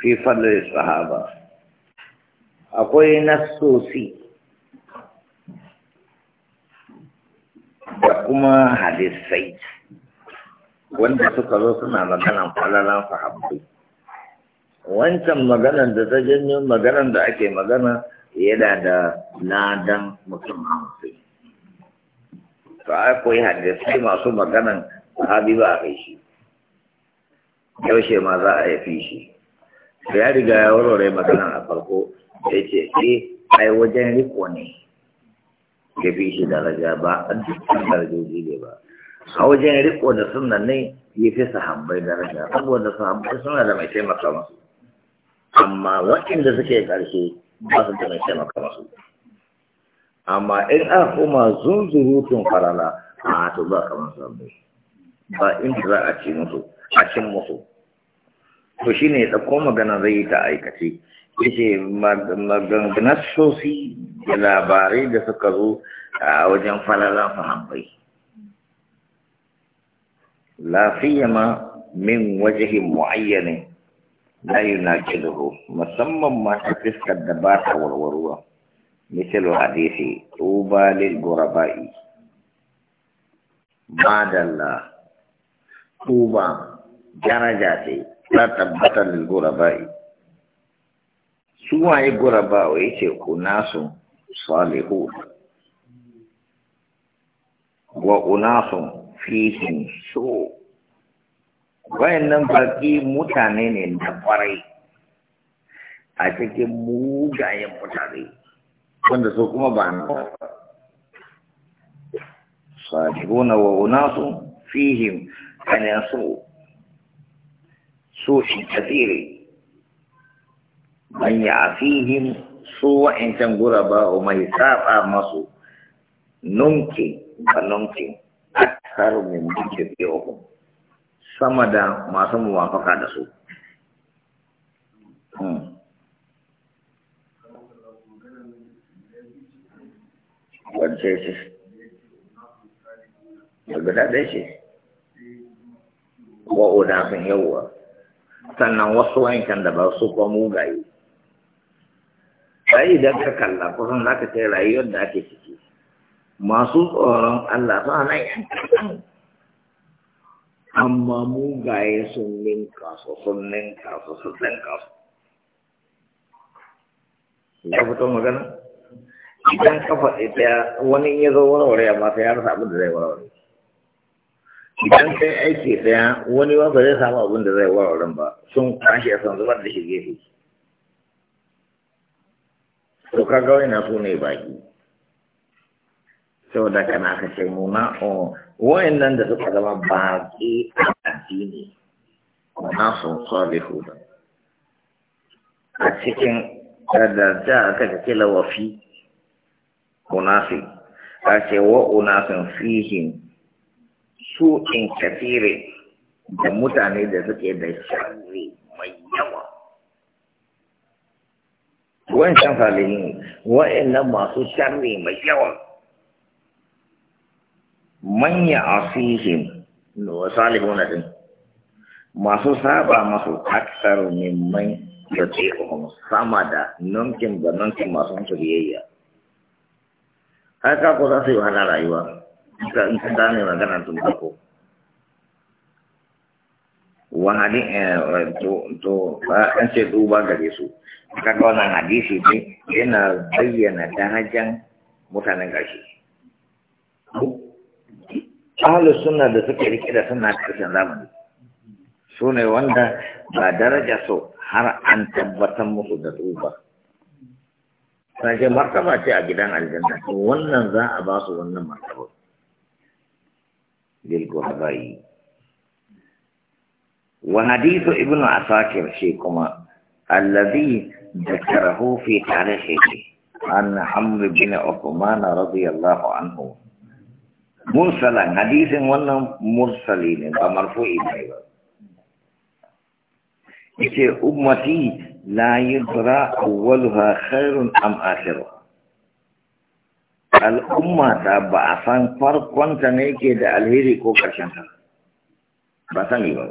fi fadlil sahaba akwai nassosi da kuma hadisai wanda suka zo suna maganan falalan sahabbai wancan maganan da ta janyo maganan da ake magana yana da ladan mutum hamsin to akwai hadisai masu maganan sahabi ba a kai shi yaushe ma za a yafi shi ya riga ya warware magana a farko ya ce eh ai wajen riko ne ya fi shi daraja ba a dukkan darajoji ne ba a wajen riko da sunan ne ya fi sahabbai daraja saboda sahabbai suna da mai taimaka masu amma waɗanda suke ƙarshe ba su da mai taimaka masu amma in a koma zunzurutun farala a to ba kamar sahabbai ba inda za a ci musu a cin musu to shi ne ɗauko magana zai yi ta aikace yace maganganassosi da labarai da suka zo a wajen falala sahabbai lafiyama min wajihin mu'ayyanin la yunaqiduhu musamman ma ta fiskar da ba ta warwarwa مثل حديث طوبى للغرباء بعد الله طوبى درجاتي ta tabbata lil gurabai su waye guraba wa yace unasu salihu wa unasu fihin su wayannan baki mutane ne da kwarai a cikin mugayen mutane wanda su kuma ba na salihuna wa unasu fihim an yasu سوء كثير من يعفيهم سوء إن كان غرباء وما يسافى مصر نمكي فنمكي أكثر من مجتبئهم sama da masu muwafaka da su. Wance shi, da ce? shi, na sun sannan wasu wankan da ba su kuma mugaye sai idan ka kalla kusan za ka ce rayuwar da ake ciki masu tsoron Allah suna nan yan kaɗan amma mugaye sun ninka su sun ninka su sun ninka su ya fito magana idan kafa ita wani ya zo wuri amma sai ya rasa abin da zai wuri idan kai aiki ɗaya wani ba zai samu abin da zai warwarin ba sun kwashe sun zubar da shi gefe to ka wani na su ne baki saboda kana aka ce muna wa'in nan da suka zama baki a addini na sun tsari hudu? a cikin da da wafi? ce na unasi a ce wa unasin fihim su in kafire da mutane da suke da sharri mai yawa shan salihi ne nan masu sharri mai yawa manya fihim, wa salihuna din masu saba masu aksar mimman da tsehun sama da nunkin da nunkin masu biyayya haka ku za su yi wahala rayuwa ka in ka gane magana tun itu wahani to an ce duba gare su kaga wannan hadisi ne yana bayyana darajan mutanen ƙarshe ahalus suna da suke rike da suna ƙarshen zamani su ne wanda ba daraja so har an tabbatar musu da tsufa sashe martaba ce a gidan aljanna wannan za a ba wannan للغرباء وحديث ابن عساكر شيكما الذي ذكره في تاريخه عن عمرو بن عثمان رضي الله عنه مرسلا حديث ولا مرسلين ومرفوع ايضا أمتي لا يدرى أولها خير أم آخرها al'umma ta ba a san farkonta ne ke da alheri ko ƙarshen ta ba sani ba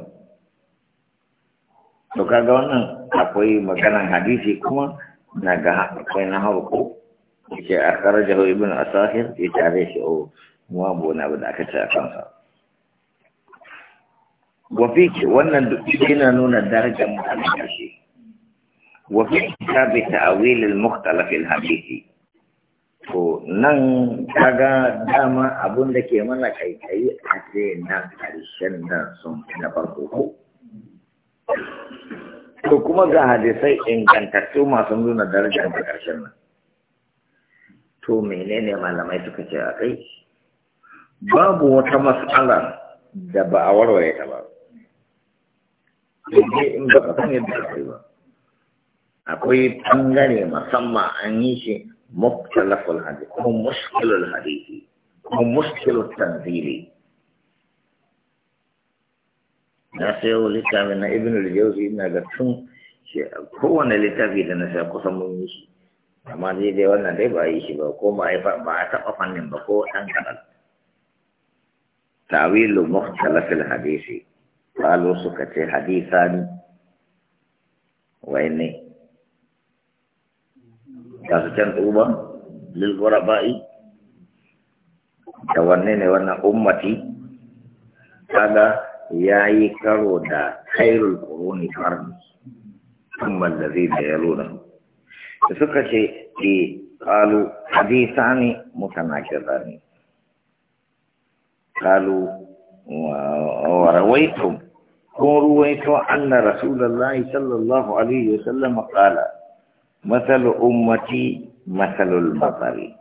to kaga wannan akwai maganan hadisi kuma na ga akwai na harko yake a jihar ibn asahir ya tare shi o oh, muwa bona abu da aka ce a kansa wafi wannan duk yana nuna darajar mutum shi wafi kitabi ta'awil al-mukhtalaf al-hadisi to nan kaga dama abun da ke mana kaikayi a ce na ƙarshen nan sun na farko ko to kuma ga hadisai ingantattu masu nuna darajar da ƙarshen nan to menene malamai suka ce a kai babu wata mas'ala da ba a warware ta ba sai in ba ka san yadda ba akwai bangare musamman an yi shi مختلف الحديث هو مشكل الحديث هو مشكل التنزيل na sayo littafin na ibn al-jawzi ina da tun kowane littafi da na sayo kusan mun yi shi amma dai dai wannan dai ba yi shi ba ko ba a taɓa fannin ba ko ɗan kaɗan tawilu mukhtalafil hadisi qalu suka ce hadisani wai ne ga su can lil lilgura ba'i da wanne ne wannan ummati kaga ya yi karo da khairul quruni karni ثم الذين يلونه suka ce e kalu hadisani mutanakirani kalu wa rawaitum kun ruwaito anna rasulullahi sallallahu alaihi wasallam qala masalu ummati masalul basari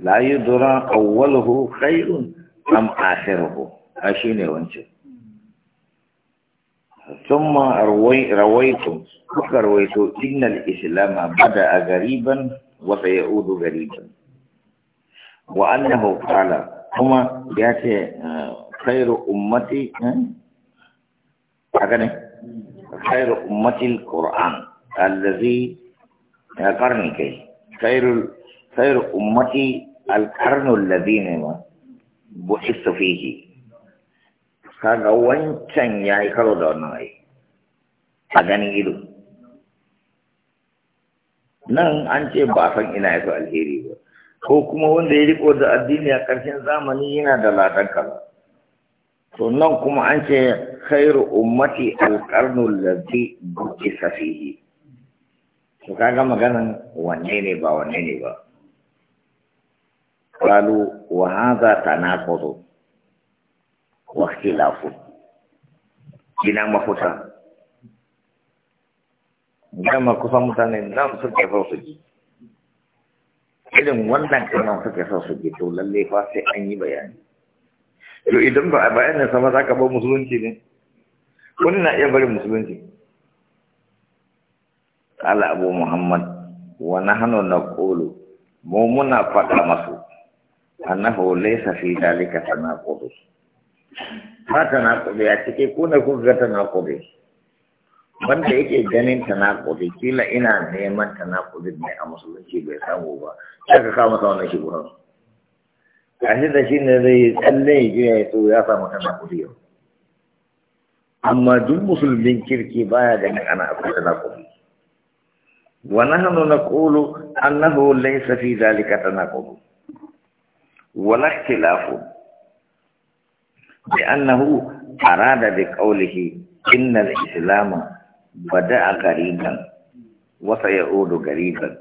la yudra awwaluhu khairun am akhiruhu a shine wancan thumma rawaitu kuka rawaitu innal islama bada a gariban wa sayaudu gariban wa annahu qala kuma ya ce khairu ummati haka ne khairu ummatil qur'an allazi ya karni kai khairul khair ummati al qarnu alladhina ma bu'ithu fihi kaga wancan yayi karo da wannan ai a ganin ido nan an ce ba san ina yaso alheri ba ko kuma wanda ya riko da addini a ƙarshen zamani yana da ladan kaza to nan kuma an ce khairu ummati al qarnu alladhi bu'itha fihi to kaga maganan wanne ne ba wanne ne ba qalu wa hadha kwaro. wa khilafu. ina mafuta dama kusan mutane nan suke so su ji irin wannan kanan suke so su ji to lalle fa sai an yi bayani to idan ba a bayanin sama za ka bar musulunci ne wani na iya barin musulunci kala Abu Muhammad wa nahnu naqulu mumuna pada masuk annahu laysa fi dalika tanaqulu hata na ko ya tike ku na ku ga tanaqulu yake ganin tanaqulu kila ina neman tanaqulu ne a musulunci bai samu ba kaga ka masa wannan shi gurin kashi da shi ne zai tsalle ya yi ya samu tanaqulu yau amma duk musulmin kirki baya ganin ana akwai tanaqulu wa nahnu naqulu annahu laysa fi dhalika na wa la ikhtilafu bi annahu arada bi qawlihi inna al-islama bada'a qariban wa sayaudu qariban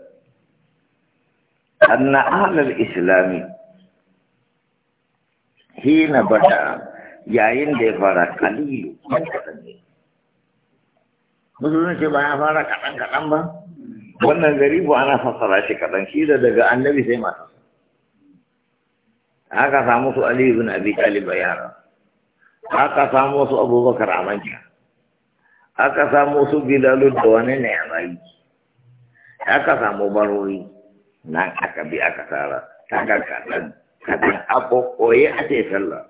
anna ahla al islami. hina bada'a yayin da ya fara kalilu musulunci ba ya fara kaɗan-kaɗan ba wannan garibu ana fassara shi kaɗan shi da daga annabi sai masu haka samu su ali ibn abi talib yara haka samu su abubakar a manja haka samu su Bilal da wani ne a rayu haka samu barori nan aka bi aka tara kaga kaɗan kaɗan abu koyi a ce sallah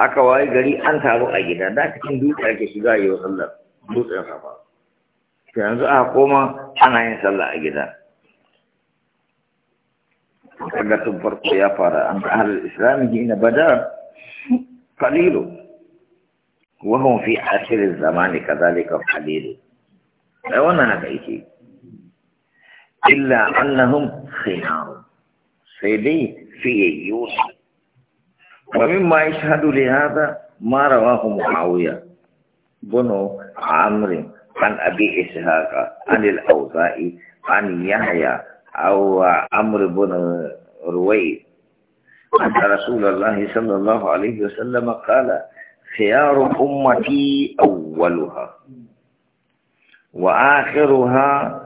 aka waye gari an taru a gida da cikin dutse ake shiga yau sallar dutsen safa yanzu a koma ana yin sallah a gida kaga tun farko ya fara an ahal islam hina bada qalilu wa hum fi akhir zaman kadhalika kalilu ai wannan haka yake illa annahum khinar sai dai fi yusuf ومما يشهد لهذا ما رواه معاوية بن عمرو عن أبي إسحاق عن الأوزاعي عن يحيى أو عمرو بن رويد أن رسول الله صلى الله عليه وسلم قال خيار أمتي أولها وآخرها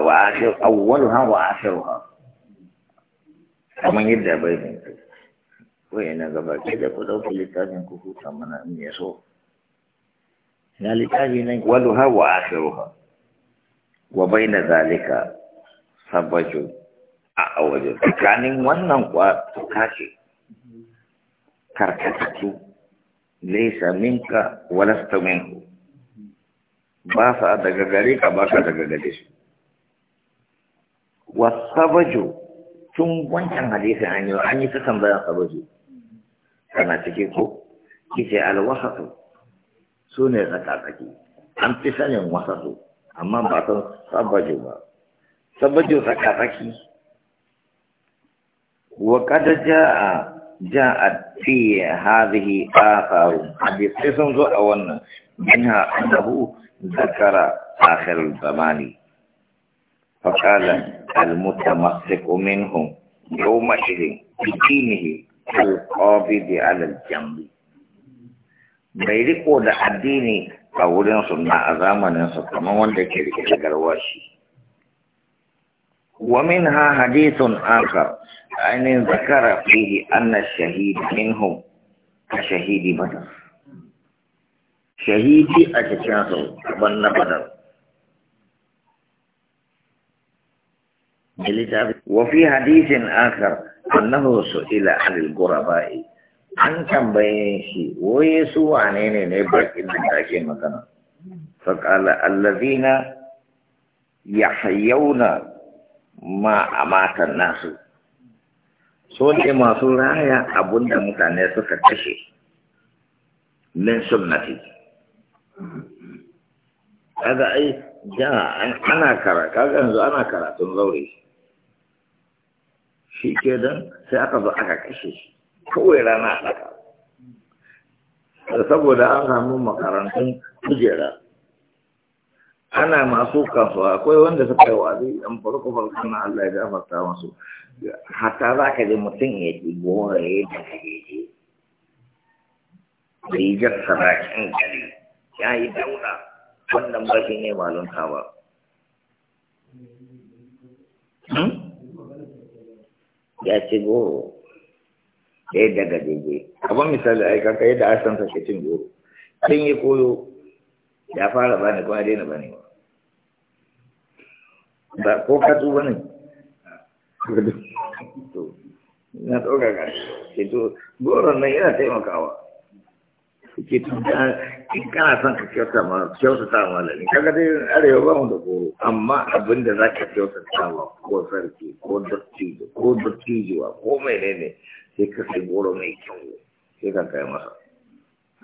وآخر أولها وآخرها ومن يبدأ بين وين قبل بعد كده كده في لسانك هو ثمانية صوت ga littafi nan waluha wa akhiruha wa baina zalika sabaju a awaje tsakanin wannan kwa kace karkatatu laysa minka walasta minhu ba sa daga gare ka ba ka daga gare wa sabaju tun wancan hadisi an yi an yi ta tambaya sabaju kana cike ko kike alwasatu su ne tsakatsaki an fi sanin wasasu amma ba san sabajo ba sabajo tsakatsaki wa kada ja'a ja'at fi hadhihi atharu hadisi sun zo a wannan minha annahu zakara akhir zamani فقال المتمسك منهم يومئذ بدينه القابض على الجنب bai riko da addini a wurin sunna a zamaninsa kamar wanda ke rike da garwashi wamin ha hadithun akar ainihin zakara fihi anna shahidi minhum ka shahidi badar shahidi a cikin su kaban na badar وفي حديث آخر ila سئل عن الغرباء an tambaye shi waye su wane ne ne bakin da take magana qala allazina ya ma a matan nasu so ne masu raya abunda mutane suka kashe min sunnati kaga ai ja ana kara kaga yanzu ana karatun zaure shi ke don sai aka zo aka kashe shi kawai rana a ɗaka saboda an samu makarantun kujera ana masu kasuwa akwai wanda suka yi wazi an farko farko na Allah ya gafarta masu hatta za ka ji mutum ya ji gora ya da ji da yi jar sarakin gari ya yi dauda wannan ba shi ne malunta ba hmm? ya ci goro ɗaya eh, daga daidai abin misali a kanka yadda a san sake cin goro sun yi koyo ya fara bani kuma daina bani ba ko ka tuba ne na ɗauka ka ce to goron nan yana taimakawa ke in kana son ka kyauta ma ta ma da kaga dai arewa ba mu da goro amma abin da za ka ta ma ko sarki ko dattijo ko dattijuwa ko menene sai ka sai goro mai kyau sai ka kai masa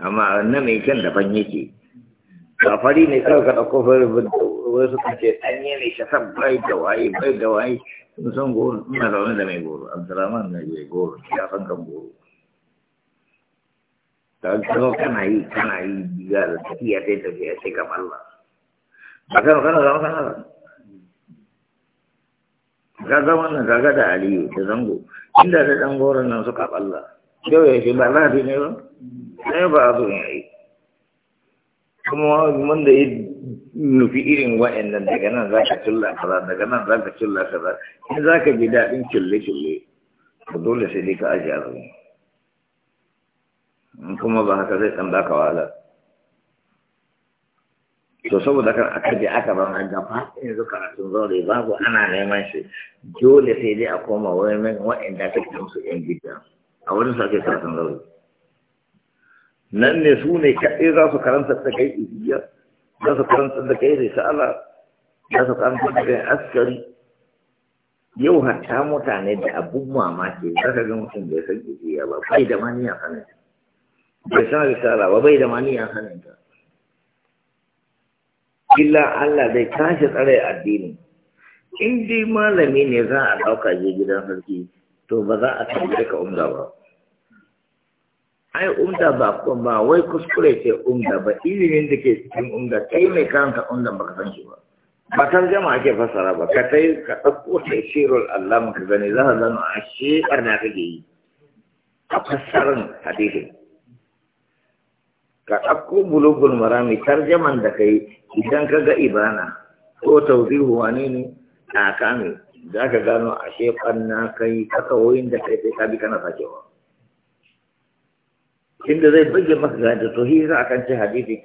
amma na mai kyan daban yake ba fari ne kawai ka ɗauko fari wai suka ce ɗanye ne ka bai da waye bai da waye sun san goro ina zaune da mai goro abdurrahman na je goro ya san kan goro ta kawo kana yi kana yi diga da tafiya sai tafiya sai ka balla ba kana kana zama kana ka ga wannan kaga da aliyu da zango inda da ɗan goron nan suka ɓalla yau ya ce ba fi ne ba yau ba a zuwa yi kuma wanda ya nufi irin nan daga nan za ka cilla kaza daga nan za ka cilla kaza in za ka bi daɗin cille-cille ba dole sai dai ka ajiye zuwa kuma ba haka zai ɗan baka wahala to saboda kan aka je aka ban an dafa yanzu karatun zaure babu ana neman shi dole sai dai a koma wurin waɗanda ake kan su yan gida a wurin su ake karatun zaure nan ne su ne kaɗai za su karanta da kai ibiyar za su karanta da kai risala za su karanta da kai askari yau hatta mutane da abun mamaki za ka ga mutum bai san ibiya ba bai da maniya sanin bai san risala ba bai da maniya sanin ta illa Allah zai tashi tsare addini in dai malami ne za a ɗauka je gidan sarki to ba za a tafi ka umda ba ai umda ba ba wai kuskure ce umda ba ilimin da ke cikin umda kai mai karanta umda ka san shi ba ba tarjama ake fassara ba ka tai ka ɗauko shirin Allah ka gani za ka zama a shekar na kake yi a fassarin hadisin ka ɗauko bulugul marami tarjaman da kai idan ka ga ibana ko tauzihu wane ne a kame za ka gano a shefan na kai kakawoyin da kai sai ka bi kana sakewa inda zai bage maka ga da hi za a kan ce hadisi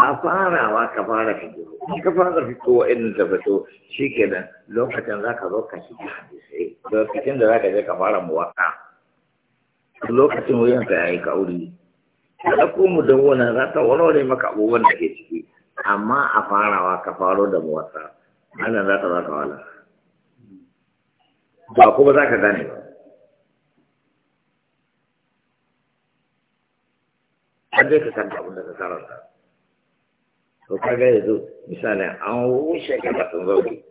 a farawa ka fara fito in ka fara fito wa irin ta fito shi kenan lokacin za ka zo ka shiga hadisai lokacin da za ka je ka fara muwaka lokacin wuyan ka yi kauri da ko mu wani za ta wani maka abubuwan da ke ciki amma a farawa ka faro da muwatta wannan za ta za ka wala ba kuma za ka gane ba an zai ka kanta abinda ka karanta to kaga yanzu misali an wuce ka ba sun zauki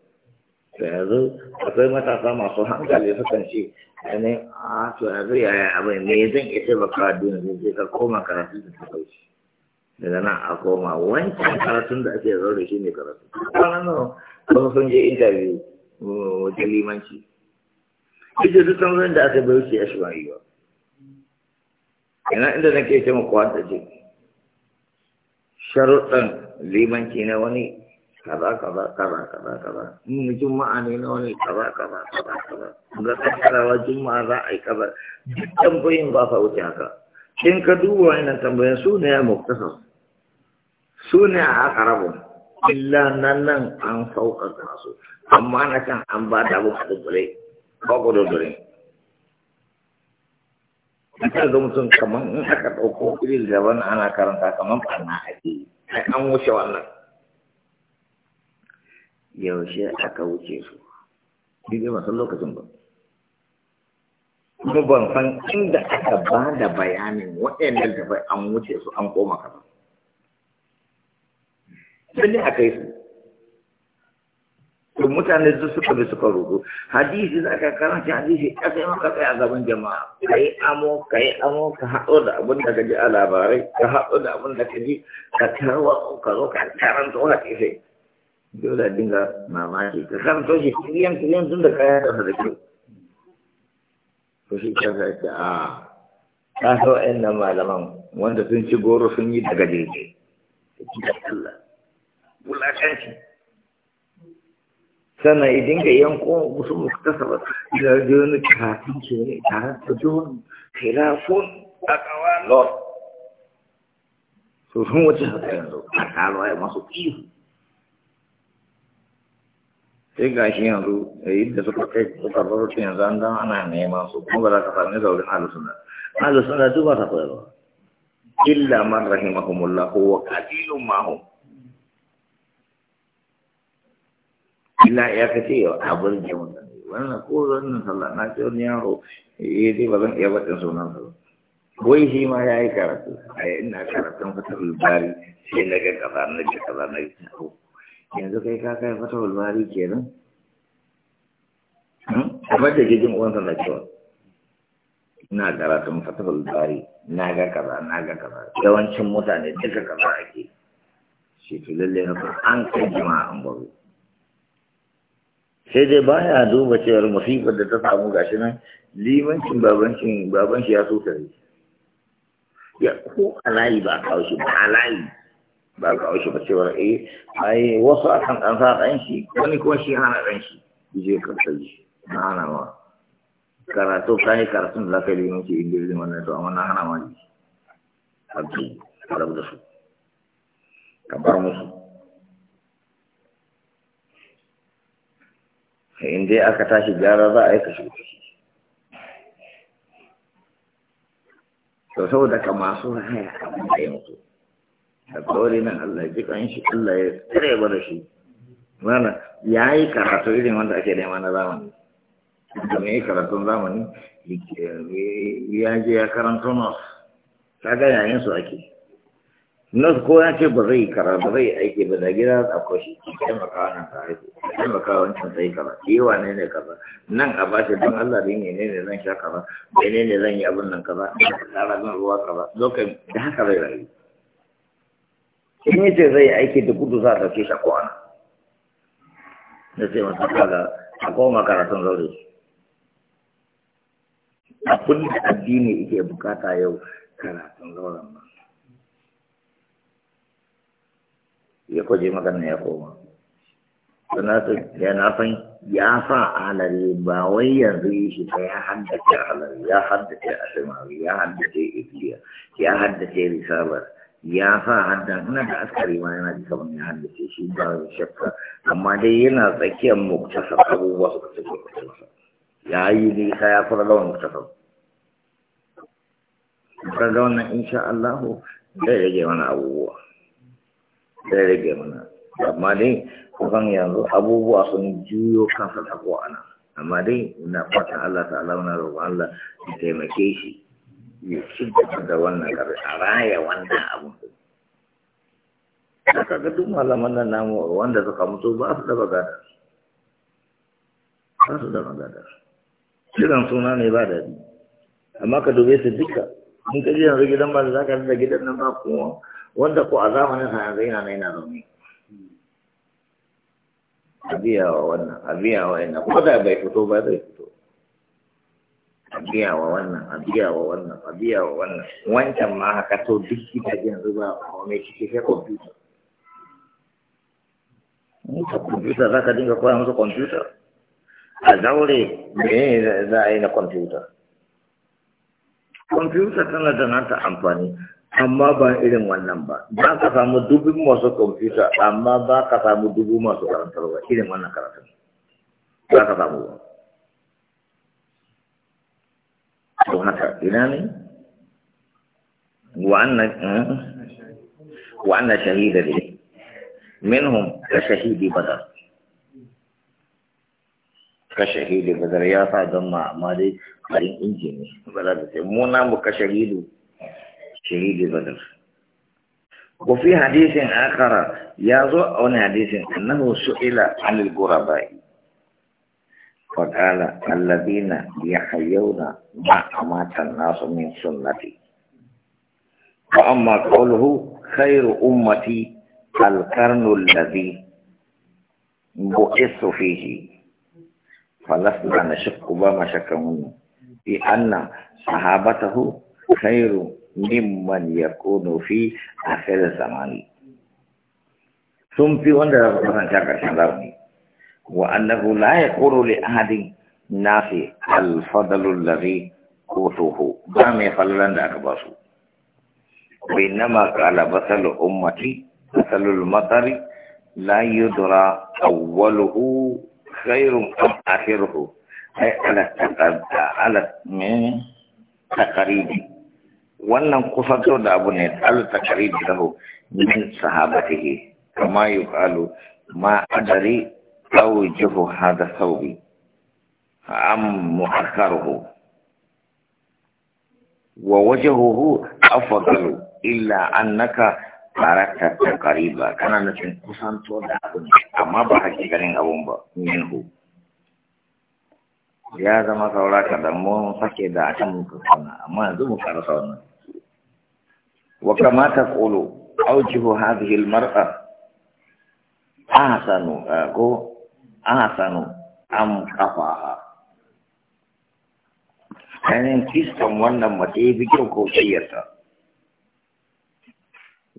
to yanzu akwai matasa masu hankali kan ce ainihin a to yanzu yaya abin me zan isa baka duniya zai ka koma karatu da ta sauki. daga nan a koma wancan karatun da ake zaure shi ne karatu kwanan nan sun sun je interview mm, wajen limanci ita duk tambayoyin da aka bai ya shi ba yiwa yana inda nake ce muku wata ce sharuɗan limanci na wani kaza kaza kaza kaza kaza in juma'a ne na wani kaza kaza kaza kaza ga kankarawa juma'a za a yi kaza duk tambayin ba sa wuce haka in ka duba wannan tambayan su ne ya muktasar su ne a akarabun illa nan nan an sauƙaƙa su amma na can an ba da abu a dubbule ba ku dubbule ita ga mutum kamar in aka ɗauko irin daban ana karanta kamar ɓarna ake ai an wuce wannan yaushe aka wuce su daidai masu lokacin ba kuma ban san inda aka ba da bayanin waɗannan da an wuce su an koma kafa sai a kai su to mutane su suka bi suka rubu hadisi za ka karanta hadisi ka sai maka tsaya gaban jama'a yi amo yi amo ka haɗo da abin da ka ji a labarai ka haɗo da abin da ka ji ka tarwa ka zo ka karanta hadisi dole a dinga mamaki ka karanta shi kiliyan kiliyan tun da kayan da da kyau to shi ka sa ce a ah, ka so ɗan malaman wanda sun ci goro sun yi daga daidai Allah wulaƙanci sannan idan ka yanko wasu muktasaba da wani karatun ke ne tare da duhun telefon a kawa lor so sun wuce haka yanzu a karo ya masu ihu sai ga shi yanzu da yadda suka kai suka rarrutu yanzu an dan ana neman su kuma ba za ka sami zaurin halusuna halusuna duk ba ta koyarwa illa man rahimahumullah wa qalilun ma hum ina ya kace abin da mun wannan ko wannan sallah na ce wani yaro eh dai ba zan iya baɗin sunan ba. wai shi ma ya yi karatu a ina karatun fatahul bari sai na ga kaza na ji kaza na ko yanzu kai ka kai fata bari kenan hmm? kamar da jijin uwan sallah na cewa ina karatun fata bari na ga kaza na ga kaza yawancin mutane duka kaza ake shi to lalle an kai jama'a an gwaro sai dai ba ya duba cewar musibar da ta samu gashi nan limancin babancin baban shi ya so tare ya ko alayi ba kawo shi ba alayi ba kawo shi ba cewar eh ai wasu akan kan sa ɗan shi wani kuma shi hana ɗan shi je ka sai na hana ma karatu yi karatun da kai limanci inda wannan to amma na hana ma ji abdu da su ka bar musu in dai aka tashi gyara za a yi kashe kushi to saboda ka masu haya a bayan su a tsori nan Allah ya jikan shi Allah ya tsare ba da shi mana ya yi karatu irin wanda ake nema na zamani da mai yi karatun zamani ya je ya karanta nos ta ga yayin su ake nas ko ya ce ba zai kara ba zai aiki ba da gida a kwashi ki maka wannan ka aiki ki taimaka wancan sai kaza ki wa ne ne kaza nan a bashi don Allah ne ne ne zan sha kaza ne ne zan yi abin nan kaza tsara zan ruwa kaza lokacin da haka zai rayu in ce zai aiki da gudu za ta ke sha ko ana da sai masu kaga a koma karatun zaure abin da addini ike bukata yau karatun zauren ba. ya kwaje magana ya koma sanatu ya na san ya sa alare ba wai yanzu yi shi ta ya haddace alare ya haddace asimawi ya haddace ibiya ya haddace risalar ya sa haddan. ina da askari ma yana ji kamar ya haddace shi ba shakka amma dai yana tsakiyar muktasar abubuwa suka tafi muktasar ya yi nisa ya fara lawan muktasar ga wannan insha Allah zai rage wani abubuwa zai rage mana amma dai kusan yanzu abubuwa sun juyo kansa da a ana amma dai na fata Allah Allah na roƙon Allah ya taimake shi ya ci gaba da wannan ƙarfi a raya wannan abu haka ga duk malaman nan namu wanda suka mutu ba su da bagada ba su da bagada kiran suna ne ba da amma ka dube su duka in ka je yanzu gidan ba da za ka da gidan wanda ko a zamanin sa yanzu yana na yana zaune a biya wa wannan a biya wa yana ko da ba zai fito a biya wa wannan a biya wa wannan a biya wa wannan wancan ma haka to duk gidajen yanzu ba a mai cike sai kwamfuta ka kwamfuta za za a yi na kwamfuta kwamfuta tana da nata amfani amma ba irin wannan ba za ka samu dubin masu kwamfuta amma ba ka samu dubu masu ba irin wannan karatun za ka samu ba don haka ina ne wa'annan eh? shahida ne minhum ka shahidi badar kashe hidu ba zara ya sa don ma amma dai harin inji ne ba za ta mu na mu kashe hidu shahidu hadisin akara ya zo a wani hadisin annahu su'ila anil gurabai faqala alladina yahyawna ma amata nasu min sunnati fa amma qawluhu khairu ummati al karnu alladhi bu'ithu fihi فلسنا نشك وما شك منه صحابته خير ممن يكون في آخر الزمان ثم في وندر ربنا شكر شكرني وأنه لا يقول لأحد نافي الفضل الذي قوته ما يفلن أكبسه وإنما قال بطل أمتي بطل المطر لا يدرى أوله khairun am akhiruhu ay ala taqadda ala min taqaribi wannan kusanto da abu ne ala taqaribi lahu min sahabatihi kama yuqalu ma adari aw jahu hada thawbi am muakkaruhu wa wajhuhu afdalu illa annaka barakta ta kariba kana nufin kusanto da abin amma ba ganin abun ba minhu ya zama saura ka da mu sake da akan muka sauna amma yanzu mu fara sauna wa kama ta qulu awjuhu hadhihi almar'a ahsanu eh, ko ahsanu am qafaha kanin fiskan wannan mace ya kyau ko ciyarta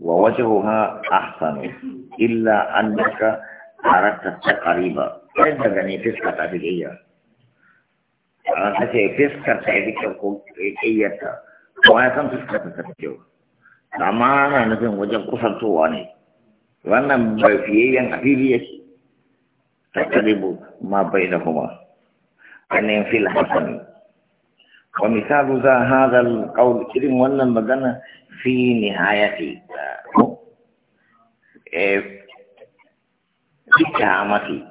ووجهها أحسن إلا أنك أردت التقريب كيف تغني فسكة تدعية أنا تشي فسكة تدعية كيف وأنا فسكة تدعية amma ana nufin wajen kusantowa ne wannan bai fiyayyen a fili yake tattalibu ma bai da kuma ainihin ومثال ذا هذا القول الكريم ولا مدنا في نهاية بكامتي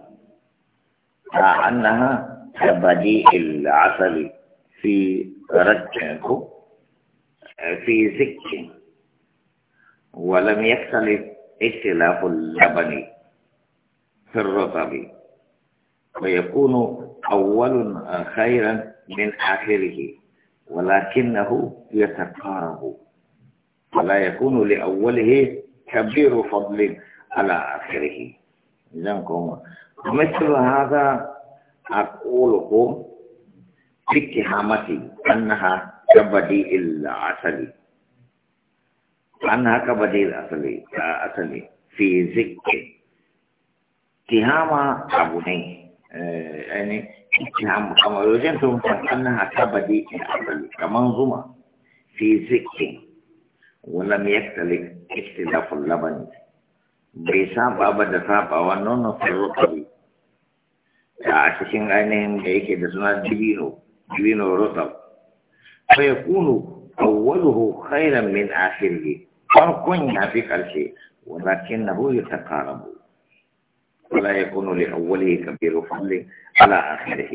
أنها كبديء العسل في رجعك في سك ولم يختلف اختلاف اللبن في الرطب ويكون أول خيرا من آخره ولكنه يتقارب ولا يكون لأوله كبير فضل على آخره إذنكم مثل هذا أقوله في اتهامتي أنها كبديء عسلي أنها كبديء العسل العسل في ذكر اتهام أبو آه، يعني نعم كما وجدتم أنها كبديء أقل كمنظومة في زك ولم يختلف اختلاف اللبن بيساب أبدا ساب ونون في الرطب أعتشين أنهم بيك دسنا جبينو جبينو رطب فيكون أوله خيرا من آخره فرق يعفق الشيء ولكنه يتقارب ولا يكون لأوله كبير فضل على آخره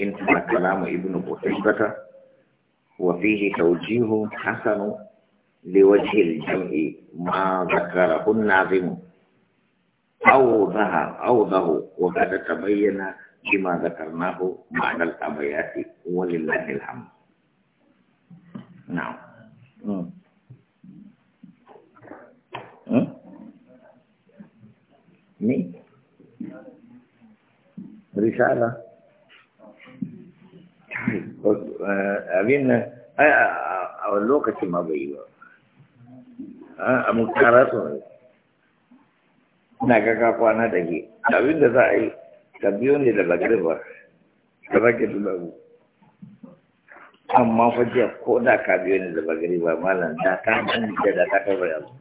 انتهى كلام ابن قتيبة وفيه توجيه حسن لوجه الجمع ما ذكره الناظم أوضح أوضح وقد تبين بما ذكرناه بعد الأبيات ولله الحمد نعم ni risala eh, abin nan a wani lokacin ma bai yi ba a mukara tsoron ina gaga kwana da ke abin da za a yi ka biyo ne da lagriba ka zake tulabu amma fajiya ko da ka biyo ne da lagriba malam da ta hannun da ta karbar yau